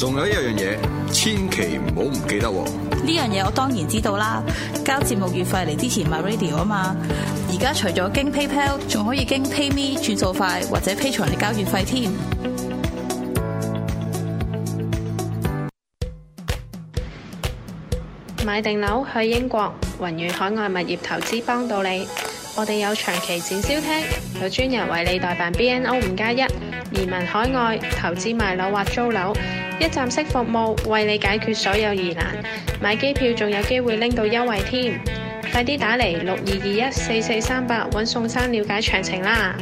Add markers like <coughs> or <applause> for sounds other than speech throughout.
仲有一樣嘢，千祈唔好唔記得呢樣嘢。我當然知道啦，交節目月費嚟之前 m radio 啊嘛。而家除咗經 PayPal，仲可以經 PayMe 轉數快，或者 Pay 財嚟交月費添。買定樓去英國，雲遠海外物業投資幫到你。我哋有長期展銷廳，有專人為你代辦 BNO 五加一移民海外投資買樓或租樓。一站式服務，為你解決所有疑難買機有機，買機票仲有機會拎到優惠添，快啲打嚟六二二一四四三八，搵宋生了解詳情啦！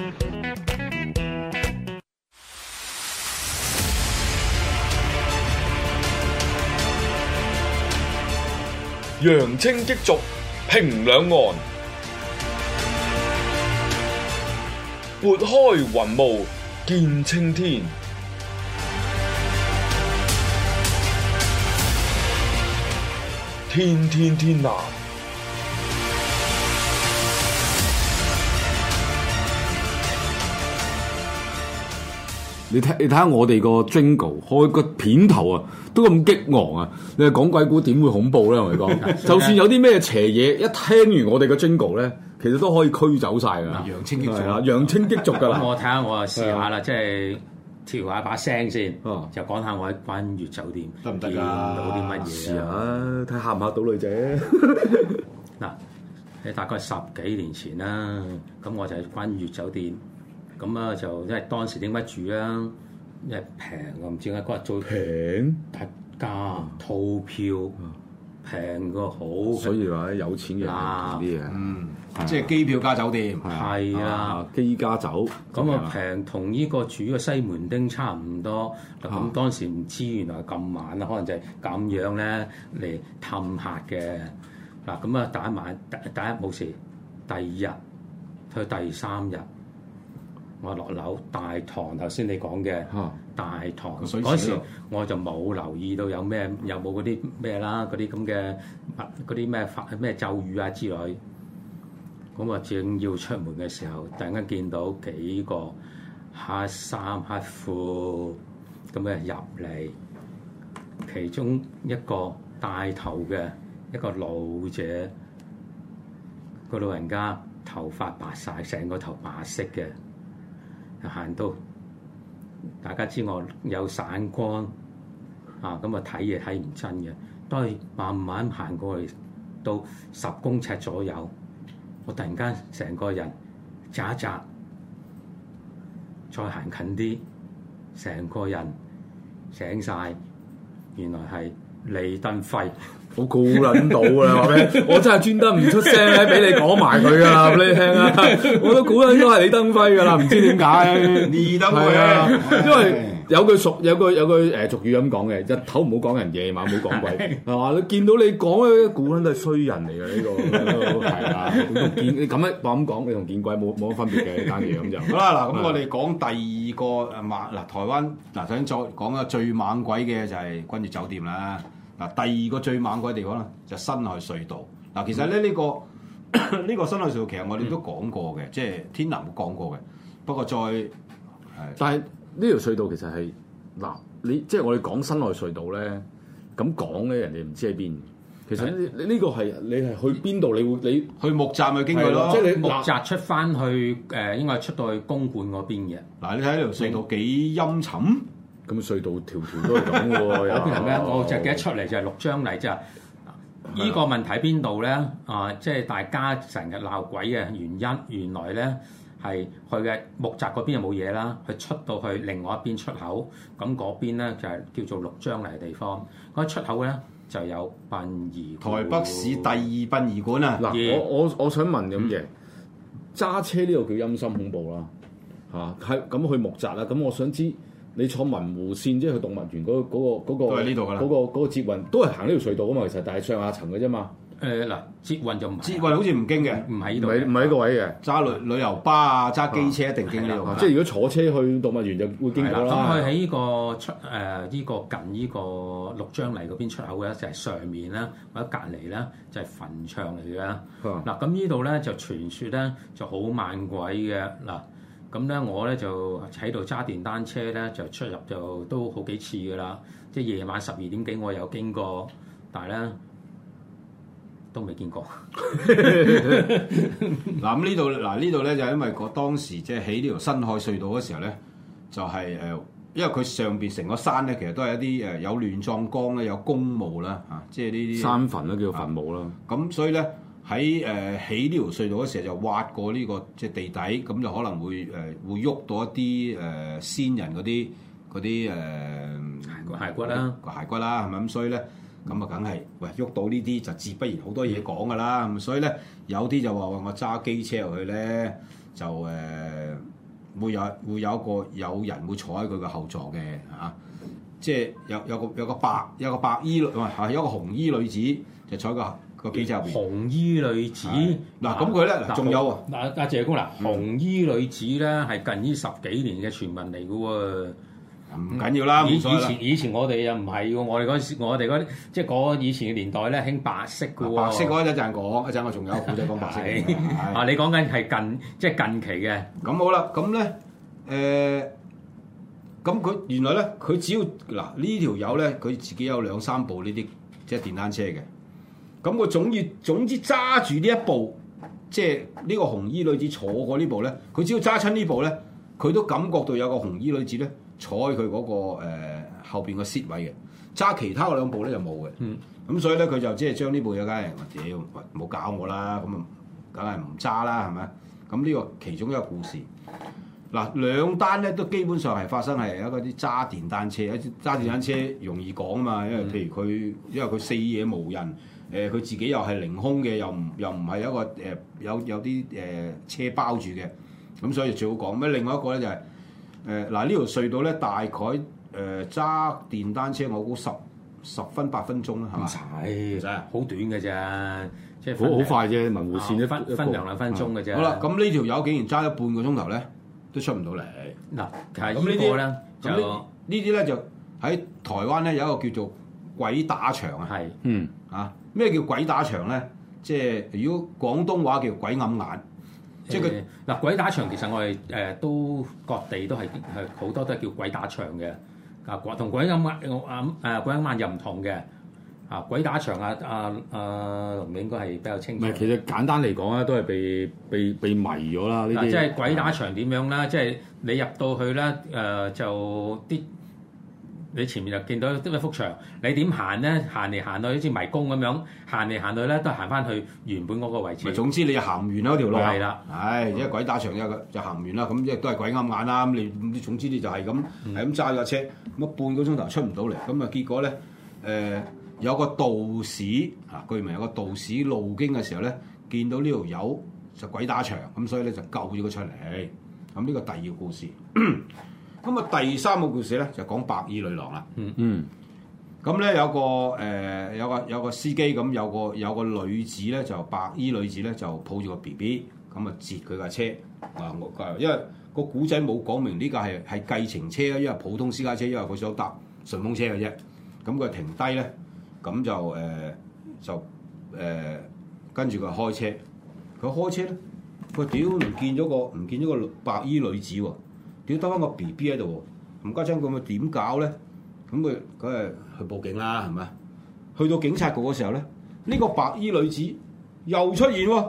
揚清激濁，平兩岸，撥開雲霧見青天。天天天藍，你睇你睇下我哋個 jingle 開個片頭啊，都咁激昂啊！你係講鬼故點會恐怖咧？我哋講，就算有啲咩邪嘢，一聽完我哋嘅 jingle 咧，其實都可以驅走晒噶。揚清激俗，揚清 <laughs> 激俗噶啦。我睇下，我就試下啦，即係。調一下把聲先，哦、就講下我喺君悦酒店得唔得？見到啲乜嘢啊？睇下唔嚇到女仔。嗱、啊，喺、啊、 <laughs> 大概十幾年前啦，咁、嗯、我就喺君悦酒店，咁啊就因為當時點解住啊？因為平啊，唔知點解嗰日最平特價套票。嗯嗯平個好，所以話有錢嘅買啲嘢，啊、嗯，啊、即係機票加酒店，係啦、啊，機加、啊、酒，咁啊平同呢個住個西門町差唔多。咁、啊、當時唔知原來咁晚啦，可能就係咁樣咧嚟氹客嘅。嗱，咁啊第一晚，第一冇事，第二日去第三日，我落樓大堂頭先你講嘅。大堂嗰時，我就冇留意到有咩，有冇嗰啲咩啦，嗰啲咁嘅嗰啲咩法咩咒語啊之類。咁啊，正要出門嘅時候，突然間見到幾個黑衫黑褲咁嘅人入嚟，其中一個帶頭嘅一個老者，個老人家頭髮白晒成個頭白色嘅，行到。大家知我有散光，啊咁啊睇嘢睇唔真嘅，都係慢慢行過去，到十公尺左右，我突然間成個人窒一窒，再行近啲，成個人醒晒。原來係李登輝。我估捻到啦，話俾 <laughs> 我真係專登唔出聲咧，俾你講埋佢噶啦，俾你聽啦。我覺得都估捻都係李登輝噶啦，唔知點解二登輝。 <laughs> 啊、因為有句俗有句有句誒俗語咁講嘅，日頭唔好講人，夜晚唔好講鬼，係、啊、嘛？見到你講嘅估捻都係衰人嚟嘅呢個係啊。見你咁樣話咁講，你同見,見鬼冇冇乜分別嘅？咁就好啦嗱，咁我哋講第二個猛嗱台灣嗱，想再講啊，最猛鬼嘅就係君悦酒店啦。嗱，第二個最猛嗰個地方咧，就新海隧道。嗱，其實咧呢個呢個新海隧道，其實我哋都講過嘅，嗯、即係天南都講過嘅。不過再，但係呢條隧道其實係嗱，你即係我哋講新海隧道咧，咁講咧，人哋唔知喺邊。其實呢是、這個係你係去邊度，你，你會你去木站嘅經過咯的。即係你木站出翻去誒、呃，應該係出到去公館嗰邊嘅。嗱、嗯，你睇呢條隧道幾陰沉。嗯嗯咁隧道條條都係咁喎，有邊度咧？ <laughs> 我就記得出嚟就係六張嚟，即係依個問題邊度咧？啊、呃，即係大家成日鬧鬼嘅原因，原來咧係佢嘅木柵嗰邊又冇嘢啦，佢出到去另外一邊出口，咁嗰邊咧就係叫做六張嚟嘅地方。嗰出口咧就有殯儀台北市第二殯儀館啊！嗱，我我我想問咁嘅揸車呢度叫陰森恐怖啦，嚇係咁去木柵啦，咁我想知。你坐文湖線即係去動物園嗰嗰個嗰個，都係呢度噶啦。嗰個嗰個捷運都係行呢條隧道噶嘛，其實，但係上下層嘅啫嘛。誒嗱，捷運就唔捷運好似唔經嘅，唔喺呢度，唔喺呢個位嘅。揸旅旅遊巴啊，揸機車一定經呢度。即係如果坐車去動物園就會經過啦。咁佢喺呢個出誒呢個近呢個六張犁嗰邊出口嘅就係上面啦，或者隔離啦就係墳場嚟嘅。嗱咁呢度咧就傳説咧就好猛鬼嘅嗱。咁咧，我咧就喺度揸電單車咧，就出入就都好幾次噶啦。即係夜晚十二點幾，我有經過，但係咧都未見過。嗱咁呢度，嗱呢度咧就因為我當時即係起呢條辛亥隧道嘅時候咧，就係誒，因為佢上邊成個山咧，其實都係一啲誒有亂葬崗咧，有公墓啦嚇，即係呢啲山墳都叫做墳墓啦。咁所以咧。喺誒起呢條隧道嘅時候就挖過呢個即係地底。咁就可能會誒會喐到一啲誒先人嗰啲嗰啲誒骸骨啦，骸骨啦，係咪咁？所以咧，咁啊梗係喂喐到呢啲就自不然好多嘢講噶啦，咁所以咧有啲就話話我揸機車入去咧就誒會有會有一個有人會坐喺佢個後座嘅嚇，即係有有個有個白有個白衣唔係係個紅衣女子就坐個。紅衣女子嗱，咁佢咧仲有啊？嗱，阿、啊、謝工嗱，嗯、紅衣女子咧係近依十幾年嘅傳聞嚟㗎喎，唔緊要啦。以前以前我哋又唔係喎，我哋嗰時我哋啲即係嗰以前嘅年代咧興白色㗎喎、啊，白色嗰一陣我一陣我仲有，我再講白色。啊， <laughs> 你講緊係近即係近期嘅。咁好啦，咁咧誒，咁、嗯、佢、嗯、原來咧佢只要嗱呢條友咧，佢、這個、自己有兩三部呢啲即係電單車嘅。咁我總要總之揸住呢一步，即係呢個紅衣女子坐過步呢步咧，佢只要揸親呢步咧，佢都感覺到有個紅衣女子咧坐喺佢嗰個誒、呃、後邊個蝕位嘅。揸其他嗰兩步咧就冇嘅。咁、嗯、所以咧佢就即係將呢步嘢梗係，屌唔好搞我啦，咁啊梗係唔揸啦，係咪？咁呢個其中一個故事。嗱兩單咧都基本上係發生係一個啲揸電單車，揸電，電單車容易講啊嘛，因為譬如佢因為佢四野無人。誒佢、嗯、自己又係凌空嘅，又唔又唔係一個誒有有啲誒車包住嘅，咁所以最好講。咩？另外一個咧就係誒嗱呢條隧道咧，大概誒揸、呃、電單車我估十十分八分鐘啦嚇。唔、嗯、使，好短㗎啫，即係好快啫。文湖線一分兩兩分鐘嘅啫。好啦，咁呢條友竟然揸咗半個鐘頭咧，都出唔到嚟。嗱咁、嗯、呢個就呢啲咧就喺台灣咧有一個叫做。鬼打牆啊！係嗯，啊咩叫鬼打牆咧？即係如果廣東話叫鬼揞眼，呃、即係佢嗱鬼打牆其實我哋誒都各地都係係好多都叫鬼打牆嘅啊，同鬼揞眼暗誒鬼揞眼又唔同嘅啊，鬼打牆啊啊啊，你、呃呃呃呃、應該係比較清楚。其實簡單嚟講咧，都係被被被迷咗啦呢啲。即係鬼打牆點樣咧？呃、即係你入到去咧誒、呃呃，就啲。你前面就見到一幅牆，你點行咧？行嚟行去好似迷宮咁樣，行嚟行去咧都係行翻去原本嗰個位置。總之你行唔完嗰條路。係啦，唉，即係鬼打牆，就就行唔完啦。咁即係都係鬼揞眼啦。咁你總之你就係咁，係咁揸架車，咁半個鐘頭出唔到嚟。咁啊結果咧，誒、呃、有個道士嚇，據聞有個道士路經嘅時候咧，見到呢條友就鬼打牆，咁所以咧就救咗佢出嚟。咁呢個第二個故事。 <coughs> 咁啊，第三個故事咧就講白衣女郎啦、嗯。嗯嗯，咁咧有個誒、呃、有個有個司機咁，有個有個女子咧就白衣女子咧就抱住個 B B，咁啊截佢架車。啊，我因為個古仔冇講明呢架係係計程車啦，因為普通私家車，因為佢想搭順風車嘅啫。咁佢停低咧，咁就誒、呃、就誒跟住佢開車。佢開車咧，佢屌唔見咗個唔見咗個白衣女子喎、哦。屌得翻個 BB 喺度，唔家姐佢咪點搞咧？咁佢佢係去報警啦，係咪？去到警察局嘅時候咧，呢、這個白衣女子又出現喎。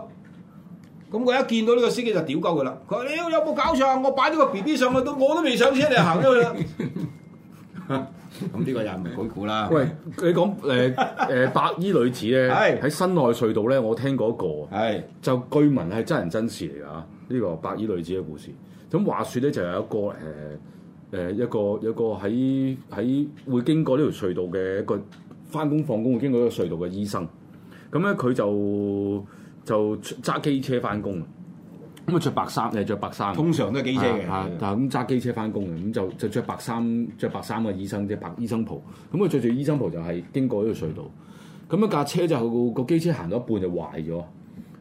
咁佢一見到呢個司機就屌鳩佢啦。佢話：屌有冇搞錯？我擺呢個 BB 上去到我都未上車，你行咗去啦。咁呢個又唔係鬼故啦。喂，你講誒誒白衣女子咧，喺 <laughs> 辛亥隧道咧，我聽過一個， <music> <laughs> 就據聞係真人真事嚟㗎嚇。呢、啊這個白衣女子嘅故事。咁話說咧，就有一個誒誒一個有個喺喺會經過呢條隧道嘅一個翻工放工會經過呢個隧道嘅醫生。咁咧佢就就揸機車翻工咁啊，着白衫誒，著白衫。白通常都係機車嘅，但係咁揸機車翻工嘅，咁就就著白衫着白衫嘅醫生即啫，白醫生袍。咁佢着住醫生袍就係經過呢個隧道。咁一架車就個、係、機車行到一半就壞咗，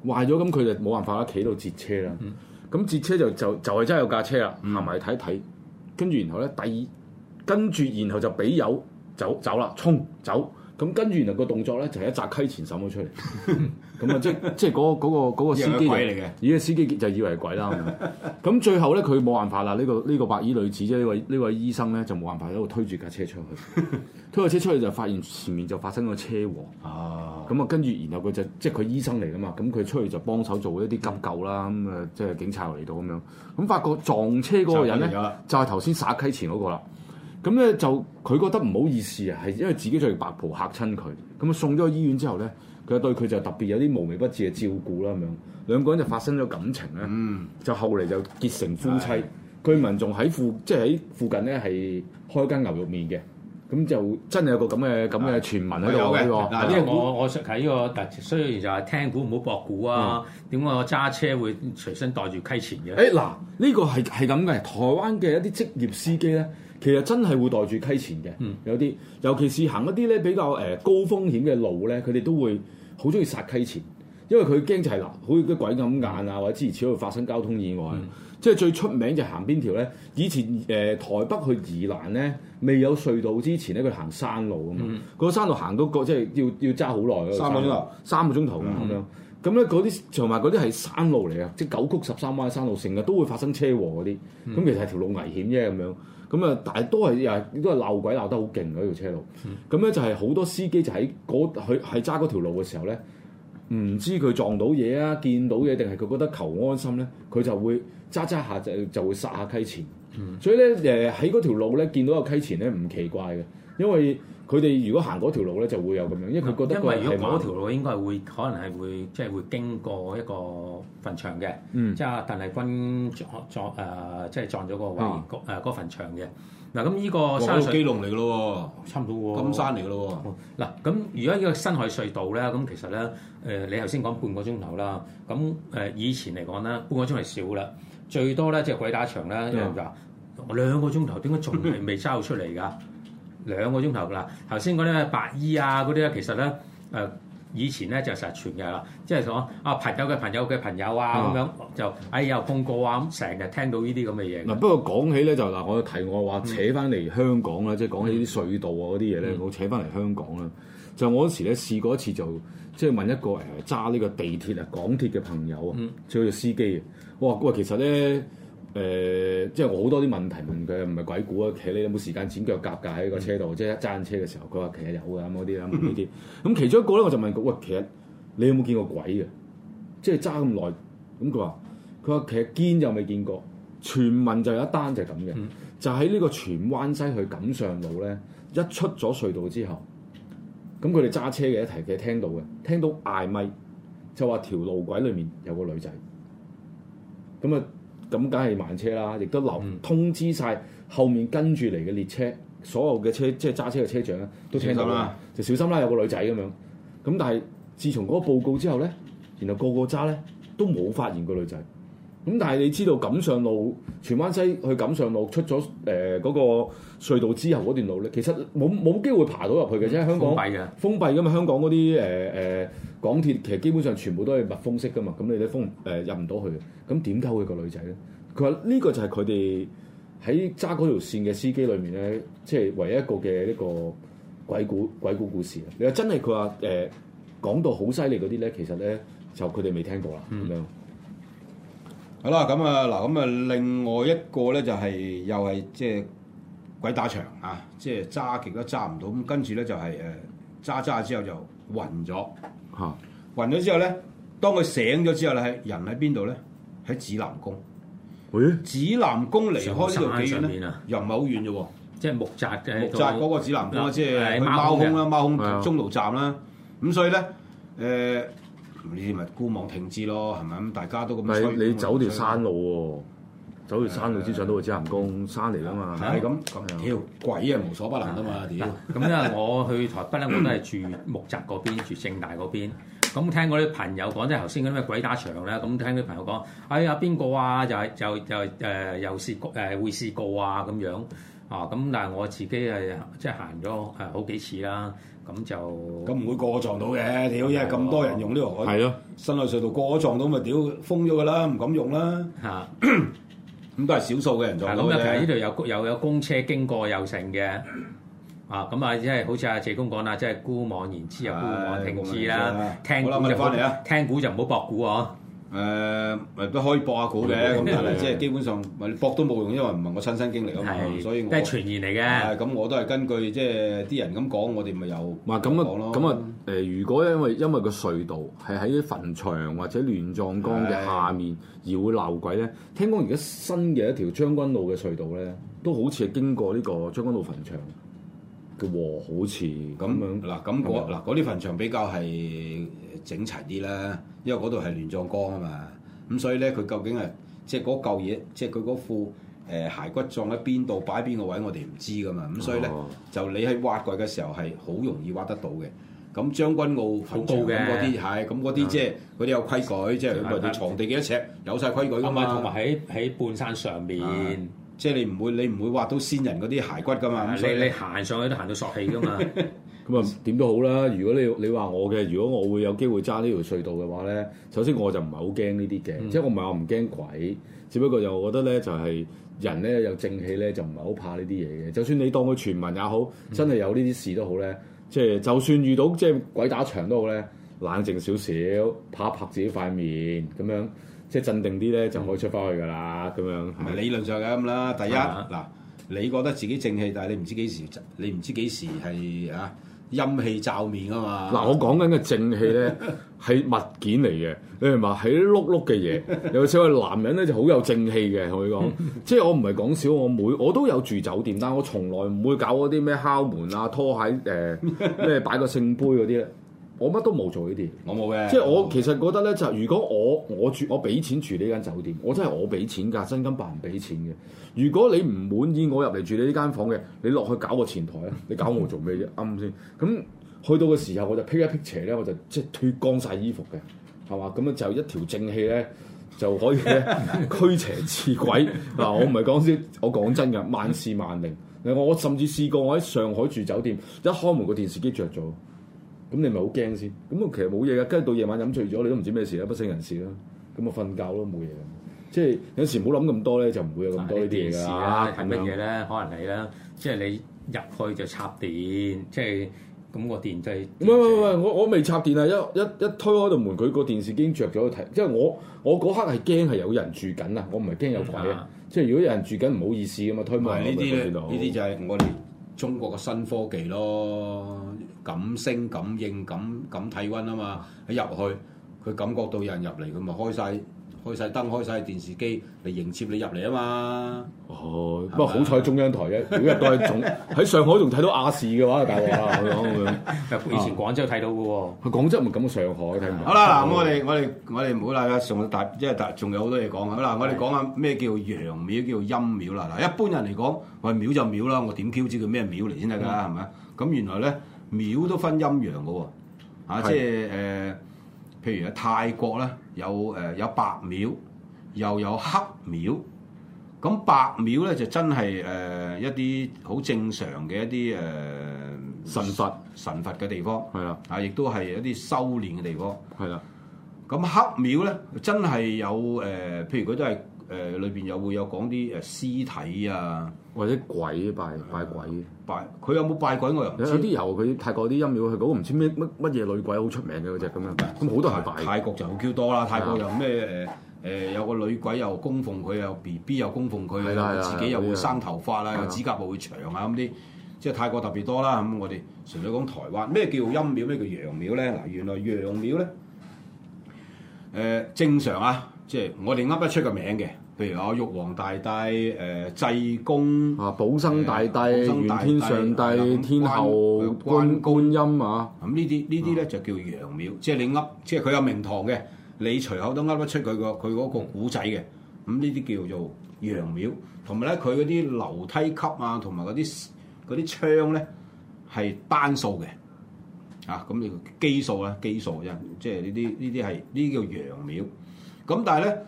壞咗咁佢就冇辦法啦，企度截車啦。嗯咁截車就就係、就是、真係有架車啦，行埋睇睇，跟住然後呢，第二跟住然後就俾油走走啦，衝走。咁跟住原來個動作咧就係一紮溪錢撒咗出嚟，咁啊 <laughs> 即即係嗰嗰個司機嚟嘅，而、那、家、個那個、司機就以為係鬼啦。咁 <laughs> 最後咧佢冇辦法啦，呢、這個呢、這個白衣女子即係呢位呢位醫生咧就冇辦法喺度推住架車出去，推架車出去就發現前面就發生咗車禍。啊！咁啊跟住然後佢就即係佢醫生嚟㗎嘛，咁佢出去就幫手做一啲急救啦。咁啊即係警察嚟到咁樣，咁發覺撞車嗰個人咧就係頭先撒溪錢嗰個啦。咁咧、嗯、就佢覺得唔好意思啊，係因為自己做完白袍嚇親佢，咁啊送咗去醫院之後咧，佢對佢就特別有啲無微不至嘅照顧啦。咁樣兩個人就發生咗感情咧，嗯、就後嚟就結成夫妻。居的民仲喺附、嗯、即係喺附近咧，係開間牛肉麵嘅，咁就真係有個咁嘅咁嘅傳聞喺度。嗱，呢是個我我睇呢、這個特雖然就係聽古唔好駁古啊，點解、嗯、我揸車會隨身帶住溪錢嘅？誒嗱、哎，呢個係係咁嘅，台灣嘅一啲職業司機咧。其實真係會袋住溪錢嘅，有啲尤其是行一啲咧比較誒、呃、高風險嘅路咧，佢哋都會好中意殺溪錢，因為佢驚就係嗱，好似啲鬼咁硬啊，或者之前始終發生交通意外。嗯、即係最出名就係行邊條咧？以前誒、呃、台北去宜蘭咧，未有隧道之前咧，佢行山路啊嘛。嗯、個山路行到個即係要要揸好耐咯，三個鐘頭，三個鐘頭咁樣。咁咧嗰啲同埋嗰啲係山路嚟啊，即係九曲十三彎山路，成日都會發生車禍嗰啲。咁、嗯、其實係條路危險啫，咁樣。咁啊，大多係又都係鬧鬼鬧得好勁嗰條車路，咁咧、嗯嗯、就係、是、好多司機就喺佢喺揸嗰條路嘅時候咧，唔知佢撞到嘢啊、見到嘢定係佢覺得求安心咧，佢就會揸揸下就就會撒下溪錢，嗯、所以咧誒喺嗰條路咧，見到個溪錢咧唔奇怪嘅。因為佢哋如果行嗰條路咧，就會有咁樣，因為佢覺得因為如果嗰條路應該係會，可能係會即係會經過一個墳場嘅、嗯呃，即係鄧麗君葬葬誒，即係撞咗個位骨誒嗰墳場嘅。嗱咁呢個山水、哦那個、基隆嚟㗎咯，差唔多金山嚟㗎咯。嗱咁如果呢個辛亥隧道咧，咁其實咧誒、呃，你頭先講半個鐘頭啦，咁誒以前嚟講咧，半個鐘係少啦，最多咧即係鬼打牆啦，一樣對 就兩個鐘頭，點解仲係未揸到出嚟㗎？兩個鐘頭㗎喇，頭先講啲咩白衣啊嗰啲咧，其實咧誒、呃、以前咧就成日傳嘅啦，即係講啊朋友嘅朋友嘅朋友啊咁、啊、樣就哎又碰過啊咁，成日聽到呢啲咁嘅嘢。嗱、啊、不過講起咧就嗱，我提我話扯翻嚟香港啦，嗯、即係講起啲隧道啊嗰啲嘢咧，我、嗯、扯翻嚟香港啦。就我嗰時咧試過一次就即係問一個誒揸呢個地鐵啊港鐵嘅朋友啊，即係佢司機啊，我話、嗯、其實咧。誒、呃，即係我好多啲問題問佢，唔係鬼故啊！其實有冇時間剪腳甲架喺個車度？嗯、即係揸緊車嘅時候，佢話其實有嘅咁嗰啲啦，呢啲。咁、嗯、其中一個咧，我就問佢，喂，其實你有冇見過鬼嘅？即係揸咁耐，咁佢話佢話其實見就未見過。傳聞就有一單就係咁嘅，嗯、就喺呢個荃灣西去錦上路咧，一出咗隧道之後，咁佢哋揸車嘅一提嘅其實聽到嘅，聽到嗌咪就話條路軌裡面有個女仔，咁啊！咁梗係慢車啦，亦都留通知晒後面跟住嚟嘅列車，所有嘅車即係揸車嘅車長都聽到啦，小就小心啦，有個女仔咁樣。咁但係自從嗰個報告之後咧，然後個個揸咧都冇發現個女仔。咁但係你知道錦上路，荃灣西去錦上路出咗誒嗰個隧道之後嗰段路咧，其實冇冇機會爬到入去嘅，即係、嗯、香港封閉嘅。封閉嘅嘛，香港嗰啲誒誒港鐵其實基本上全部都係密封式噶嘛，咁你都封誒入唔到去嘅。咁點溝佢個女仔咧？佢話呢個就係佢哋喺揸嗰條線嘅司機裏面咧，即係唯一一個嘅一個鬼故鬼故故事啊！你話真係佢話誒講到好犀利嗰啲咧，其實咧就佢哋未聽過啦咁樣。嗯好啦，咁啊，嗱，咁啊，另外一個咧就係又係即係鬼打牆啊，即係揸極都揸唔到，咁跟住咧就係誒揸揸之後就暈咗，嚇暈咗之後咧，當佢醒咗之後咧，喺人喺邊度咧？喺指南宮。咦、哎？指南宮離開呢度幾遠咧？又唔係好遠啫喎，即係木柵嘅木柵嗰個指南宮，呃、即係去貓空啦，貓空中路站啦，咁、哎、呀所以咧誒。呃你咪孤望停志咯，係咪咁？大家都咁衰。你走條山路喎，走條山路之上都去指南宮，山嚟啊嘛。係咁，屌鬼啊無所不能啊嘛，屌！咁咧，我去台北咧，我都係住木柵嗰邊，住政大嗰邊。咁聽嗰啲朋友講，即係頭先嗰咩鬼打牆咧。咁聽啲朋友講，哎呀邊個啊？又係又又誒又試誒會試過啊咁樣啊咁。但係我自己係即係行咗誒好幾次啦。咁就咁唔會個個撞到嘅，屌！因為咁多人用呢條海，係咯，辛亥隧道個個撞到咁咪屌，封咗佢啦，唔敢用啦。嚇，咁都係少數嘅人撞咧。咁啊，其實呢度有又有公車經過又成嘅。啊，咁啊，即係好似阿謝公講啦，即係姑妄言之，又姑妄聽之啦。好啦，我翻嚟啦，聽古就唔好駁古哦。誒咪都可以博下股嘅，咁，的但係即係基本上咪博都冇用，因為唔係我親身經歷啊嘛，的所以我都係傳言嚟嘅。咁我都係根據即係啲人咁講，我哋咪有咁講那咯。咁啊，誒，如果因為因為個隧道係喺墳場或者亂葬崗嘅下面的而會鬧鬼咧，聽講而家新嘅一條將軍路嘅隧道咧，都好似係經過呢個將軍路墳場。嘅好似咁嗱，咁嗱嗰啲墳場比較係整齊啲啦，因為嗰度係亂葬崗啊嘛，咁所以咧佢究竟係即係嗰嚿嘢，即係佢嗰副誒骸骨葬喺邊度，擺邊個位，我哋唔知噶嘛，咁所以咧、哦、就你喺挖掘嘅時候係好容易挖得到嘅。咁將軍澳好高嘅嗰啲係咁，嗰啲即係佢哋有規矩，即係佢哋牀地幾多尺，有晒規矩噶嘛。同埋喺喺半山上面。嗯即係你唔會你唔會挖到先人嗰啲骸骨㗎嘛？你你行呢上去都行到索氣㗎嘛、啊 <laughs> ？咁啊點都好啦！如果你你話我嘅，如果我會有機會揸呢條隧道嘅話咧，首先我就唔係好驚呢啲嘅，即係、嗯、我唔係話唔驚鬼，只不過就我覺得咧就係人咧有正氣咧就唔係好怕呢啲嘢嘅。就算你當佢傳聞也好，真係有呢啲事都好咧，即係、嗯、就，就算遇到即係、就是、鬼打牆都好咧，冷靜少少，拍一拍自己塊面咁樣。即係鎮定啲咧，就可以出翻去㗎啦，咁樣。係咪理論上嘅咁啦。第一，嗱、啊，你覺得自己正氣，但係你唔知幾時，你唔知幾時係啊陰氣罩面㗎嘛。嗱，我講緊嘅正氣咧係 <laughs> 物件嚟嘅，你係咪？係碌碌嘅嘢。尤其係我哋男人咧就好有正氣嘅，可以講。 <laughs> 即係我唔係講笑，我每我都有住酒店，但係我從來唔會搞嗰啲咩敲門啊拖鞋誒咩擺個聖杯嗰啲。 <laughs> 我乜都冇做呢啲，我冇嘅。即係我其實覺得咧，就係、如果我我住我俾錢住呢間酒店，我真係我俾錢㗎，真金白銀俾錢嘅。如果你唔滿意我入嚟住你呢間房嘅，你落去搞個前台啦，你搞我做咩啫？啱唔啱先？咁去到嘅時候，我就辟一辟邪咧，我就即係脱光晒衣服嘅，係嘛？咁樣就一條正氣咧，就可以咧 <laughs> 驅邪似鬼嗱。我唔係講先，我講真㗎，萬事萬靈。我我甚至試過我喺上海住酒店，一開門個電視機着咗。咁你咪好驚先？咁啊，其實冇嘢嘅，跟住到夜晚飲醉咗，你都唔知咩事啦，不省人事啦。咁啊，瞓覺咯，冇嘢。即係有時唔好諗咁多咧，就唔會有咁多呢啲嘢㗎。電視啦，係乜嘢咧？可能你啦。即係你入去就插電，嗯、即係咁、嗰個電掣。唔係唔係我我未插電啊！一一一推開度門，佢個電視已經著咗睇。因為我我嗰刻係驚係有人住緊啊！我唔係驚有鬼、嗯、啊即！即係如果有人住緊唔好意思咁嘛。推埋係呢啲呢啲就係我哋中國嘅新科技咯。感聲、感應、感感體温啊嘛！一入去，佢感覺到有人入嚟，佢咪開晒開曬燈、開晒電視機嚟迎接你入嚟啊嘛！哦，不過好彩中央台咧，每日都喺喺上海仲睇到亞視嘅話，大鑊以前廣州睇到嘅喎，佢廣州咪咁上海睇。好啦，嗱，我哋我哋我哋唔好啦，上到大，即係大，仲有好多嘢講。好啦，我哋講下咩叫陽廟，叫陰廟啦。嗱，一般人嚟講，話廟就廟啦，我點 Q 知佢咩廟嚟先得㗎？係咪啊？咁原來咧。廟都分陰陽嘅喎，啊，即係誒、呃，譬如喺泰國咧，有誒、呃、有白廟，又有黑廟。咁白廟咧就真係誒、呃、一啲好正常嘅一啲誒、呃、神佛神佛嘅地方，係啦，啊亦都係一啲修煉嘅地方，係啦。咁黑廟咧真係有誒、呃，譬如佢都係。誒裏邊又會有講啲誒屍體啊，或者鬼拜拜鬼拜佢有冇拜鬼我又唔知？啲由佢泰國啲陰廟，佢嗰個唔知咩乜乜嘢女鬼好出名嘅嗰隻咁樣。咁好多係拜泰國就叫多啦，泰國又咩誒誒有個女鬼又供奉佢，又 B B 又供奉佢，自己又會生頭髮啦，又指甲會長啊咁啲，即係泰國特別多啦。咁我哋純粹講台灣咩叫陰廟，咩叫陽廟咧？嗱，原來陽廟咧誒正常啊。即係我哋呃得出個名嘅，譬如啊，玉皇大帝、誒、呃、濟公啊、保生大帝、玄天上帝、天后觀、觀音啊。咁呢啲呢啲咧就叫洋廟，即係你呃，即係佢有名堂嘅，你隨口都呃得出佢個佢嗰個故仔嘅。咁呢啲叫做洋廟，同埋咧佢嗰啲樓梯級啊，同埋嗰啲嗰啲窗咧係單數嘅，嚇咁你基數啦，基數啫。即係呢啲呢啲係呢叫洋廟。咁但係咧，誒、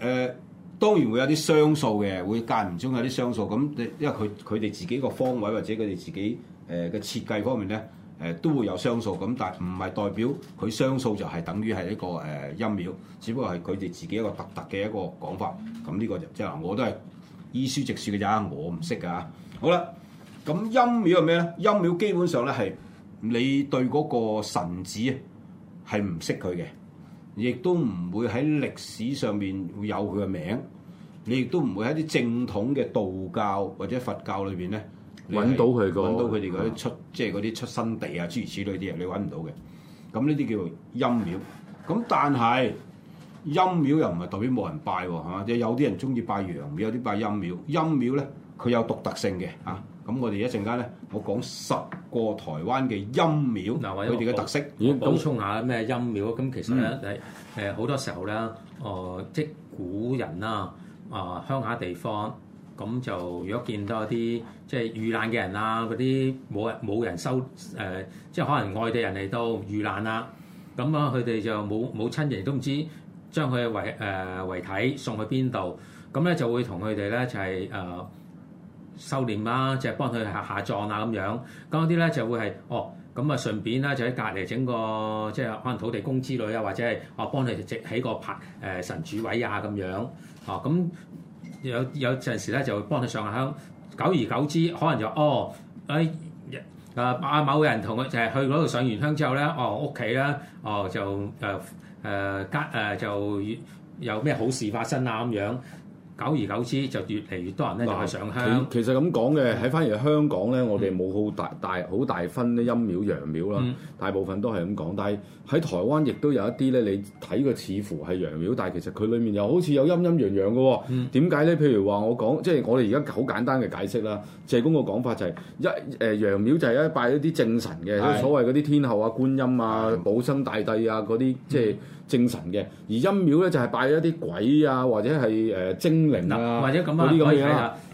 呃、當然會有啲雙數嘅，會間唔中有啲雙數。咁因為佢佢哋自己個方位或者佢哋自己誒嘅設計方面咧，誒都會有雙數。咁但係唔係代表佢雙數就係等於係一個誒陰廟，只不過係佢哋自己一個獨特嘅一個講法。咁呢、嗯、個就即係話我都係依書直説嘅咋，我唔識㗎。好啦，咁陰廟係咩咧？陰廟基本上咧係你對嗰個神子係唔識佢嘅。亦都唔會喺歷史上面有會有佢嘅名，你亦都唔會喺啲正統嘅道教或者佛教裏邊咧揾到佢個，揾到佢哋嗰啲出，出嗯、即係啲出身地啊，諸如此類啲嘢，你揾唔到嘅。咁呢啲叫做陰廟。咁但係陰廟又唔係代表冇人拜喎，係嘛？即有啲人中意拜陽廟，有啲拜陰廟。陰廟咧。佢有獨特性嘅嚇，咁、啊、我哋一陣間咧，我講十個台灣嘅陰廟，或者佢哋嘅特色，補充下咩陰廟咁。其實咧，誒好、嗯嗯啊、多時候咧，哦、呃，即古人啦、啊，啊鄉下地方咁、嗯、就如果見到一啲即、就係、遇難嘅人啊，嗰啲冇人冇人收誒、呃，即可能外地人嚟到遇難啦，咁啊，佢哋、啊、就冇冇親人亦都唔知將佢嘅遺誒遺體送去邊度，咁咧就會同佢哋咧就係誒。呃呃呃修煉啦，即係幫佢下下葬啊咁樣。咁啲咧就會係哦，咁啊順便啦，就喺隔離整個即係可能土地公之類啊，或者係哦幫佢直起個牌誒神主位啊咁樣。哦咁有有陣時咧就會幫佢上下香。久而久之，可能就哦誒、哎、啊啊某人同佢就係、是、去嗰度上完香之後咧，哦屋企啦，哦就誒誒、呃、加誒、呃、就有咩好事發生啊咁樣。久而久之就越嚟越多人咧就去上香。其實咁講嘅喺翻嚟香港咧，我哋冇好大大好大分啲陰廟陽廟啦，大部分都係咁講。但係喺台灣亦都有一啲咧，你睇個似乎係陽廟，但係其實佢裡面又好似有陰陰陽陽嘅、哦。點解咧？譬如話我講，即係我哋而家好簡單嘅解釋啦。謝公個講法就係一誒陽廟就係一拜一啲正神嘅，所謂嗰啲天后啊、觀音啊、保生大帝啊嗰啲，即係。嗯精神嘅，而陰廟咧就係、是、拜一啲鬼啊，或者係誒、呃、精靈啊嗰啲咁嘢啦。或者樣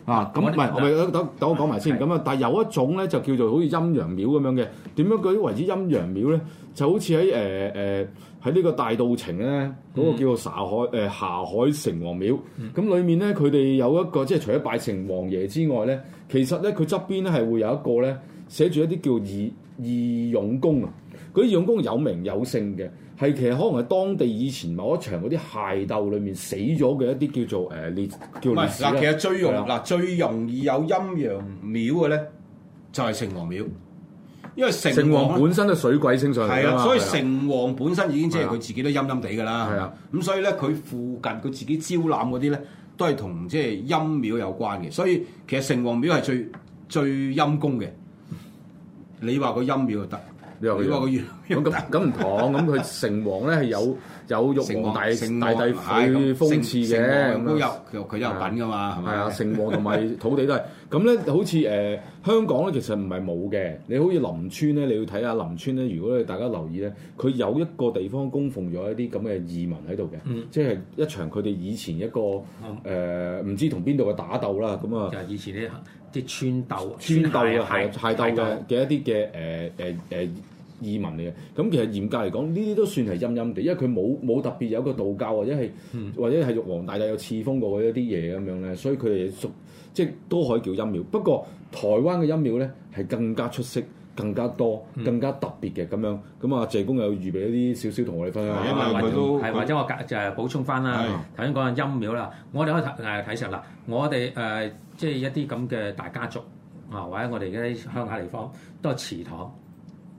啊，咁唔係，我咪等等我講埋先。咁啊，但係有一種咧就叫做好似陰陽廟咁樣嘅。點樣舉為之陰陽廟咧？就好似喺誒誒喺呢個大道情咧嗰個叫做下海誒、呃、下海城隍廟。咁裏、嗯、面咧佢哋有一個即係除咗拜城隍爺之外咧，其實咧佢側邊咧係會有一個咧寫住一啲叫義義、義勇公啊。嗰啲義勇公有名有姓嘅。係其實可能係當地以前某一場嗰啲械鬥裏面死咗嘅一啲叫做誒烈、呃、叫烈士嗱，其實最容易嗱的最容易有陰陽廟嘅咧，就係、是、城隍廟，因為城隍本身都水鬼升上嚟啊，所以城隍本身已經即係佢自己都陰陰地㗎啦。咁的所以咧，佢附近佢自己招攬嗰啲咧，都係同即係陰廟有關嘅。所以其實城隍廟係最最陰公嘅。你話個陰廟就得。如咁咁唔同，咁佢城隍咧係有有玉皇大帝大帝佢封賜嘅，咁佢有佢有品噶嘛？係啊，城隍同埋土地都係。咁咧好似誒香港咧，其實唔係冇嘅。你好似林村咧，你要睇下林村咧。如果你大家留意咧，佢有一個地方供奉咗一啲咁嘅移民喺度嘅，即係一場佢哋以前一個誒唔知同邊度嘅打鬥啦。咁啊，就係以前啲啲村鬥、村鬥啊、械械鬥嘅嘅一啲嘅誒誒誒。移民嚟嘅，咁其實嚴格嚟講，呢啲都算係陰陰地，因為佢冇冇特別有一個道教或者係、嗯、或者係玉皇大帝有賜封過一啲嘢咁樣咧，所以佢哋即係都可以叫陰廟。不過台灣嘅陰廟咧係更加出色、更加多、更加特別嘅咁樣。咁啊謝公有預備一啲少少同我哋分享，或者我即係補充翻啦。頭先講緊陰廟啦，我哋可以誒睇實啦。我哋誒即係一啲咁嘅大家族啊，或者我哋而家啲鄉下地方都係祠堂。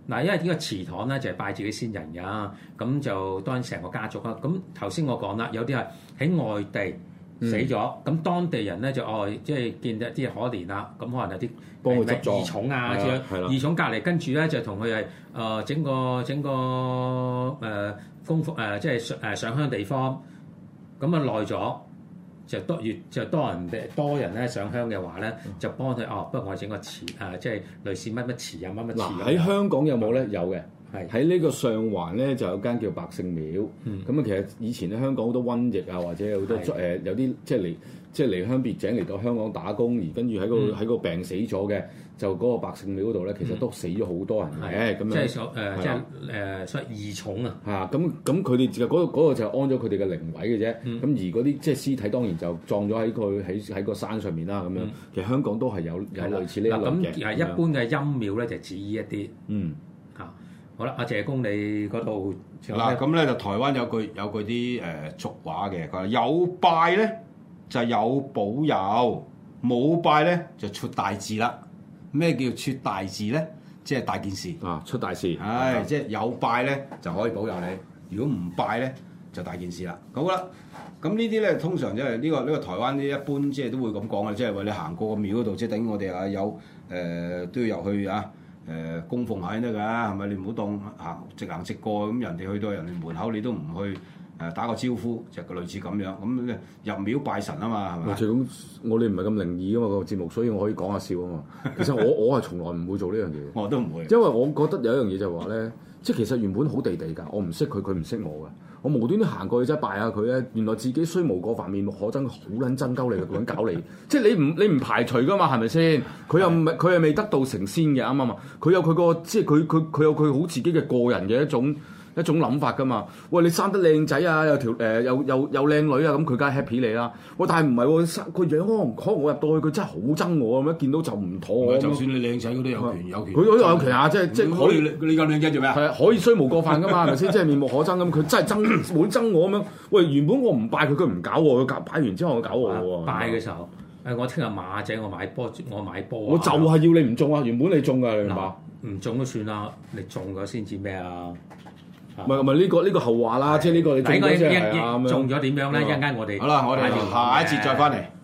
嗱，因為呢個祠堂咧就係拜自己先人㗎，咁就當成個家族啦。咁頭先我講啦，有啲係喺外地死咗，咁、嗯、當地人咧就哦，即、就、係、是、見到啲可憐啦，咁可能有啲幫佢執葬啊，係啦的，義莊隔籬，跟住咧就同佢係誒整個整個誒供奉誒，即係誒上香地方，咁啊耐咗。就多越就越多人嘅多人咧上香嘅話咧，就幫佢哦，不如我整個祠誒，即、啊、係、就是、類似乜乜祠啊，乜乜祠，嗱，喺香港有冇咧？對有嘅，喺呢個上環咧就有間叫百姓廟。咁啊的，嗯、其實以前咧香港好多瘟疫啊，或者好多誒的、呃、有啲即係嚟。即係離鄉別井嚟到香港打工，而跟住喺個喺個病死咗嘅，就嗰個百姓廟度咧，其實都死咗好多人嘅咁樣。即係所誒，即係誒失二重啊！係咁咁佢哋就嗰個嗰個就安咗佢哋嘅靈位嘅啫。咁而嗰啲即係屍體當然就撞咗喺佢喺喺個山上面啦。咁樣其實香港都係有有類似呢類咁誒一般嘅陰廟咧就指意一啲。嗯。嚇，好啦，阿謝公你嗰度嗱，咁咧就台灣有句有句啲誒俗話嘅，佢話有拜咧，就有保佑，冇拜咧就出大事啦。咩叫出大事咧？即係大件事。啊，出大事。唉係，嗯、即係有拜咧就可以保佑你。如果唔拜咧就大件事啦。好啦，咁呢啲咧通常即係呢個呢、呢個台灣咧一般即係都會咁講啊，即係話你行過個廟嗰度，即係等於我哋啊有誒都要入去啊誒、呃、供奉下先得㗎，係咪？你唔好當行直行直過咁，人哋去到人哋門口你都唔去。誒打個招呼就類似咁樣，咁入廟拜神啊嘛，係嘛？我哋唔係咁靈異啊嘛個節目，所以我可以講下笑啊嘛。其實我 <laughs> 我係從來唔會做呢樣嘢。我、哦、都唔會，因為我覺得有一樣嘢就係話咧，即係其實原本好地地㗎，我唔識佢，佢唔識我㗎。我無端端行過去即係拜下佢咧，原來自己雖無過份、面目可憎，好撚憎鳩你，喺度揾搞你。即係你唔你唔排除㗎嘛？係咪先？佢又唔係佢係未得道成仙嘅啱唔啱啊？佢有佢個即係佢佢佢有佢好自己嘅個人嘅一種。一種諗法㗎嘛，喂，你生得靚仔啊，有條誒，又又又靚女啊，咁佢梗係 happy 你啦。喂，但係唔係喎，生個樣，我入到去，佢真係好憎我咁樣，見到就唔妥，就算你靚仔，佢都有權有權。佢都有權啊！即係即係可以你咁靚仔做咩啊？係可以雖無過犯㗎嘛，係咪先？即係面目可憎咁，佢真係憎滿憎我咁樣。喂，原本我唔拜佢，佢唔搞我，佢搞拜完之後佢搞我嘅。拜嘅時候，誒，我聽日馬仔，我買波，我買波。我就係要你唔中啊！原本你中嘅，你明嘛？唔中都算啦，你中咗先至咩啊？唔係唔係呢個呢，這個後話啦，即係呢個你中咗即係中咗點樣咧？一陣間的我哋好啦，我哋下一次再返嚟。的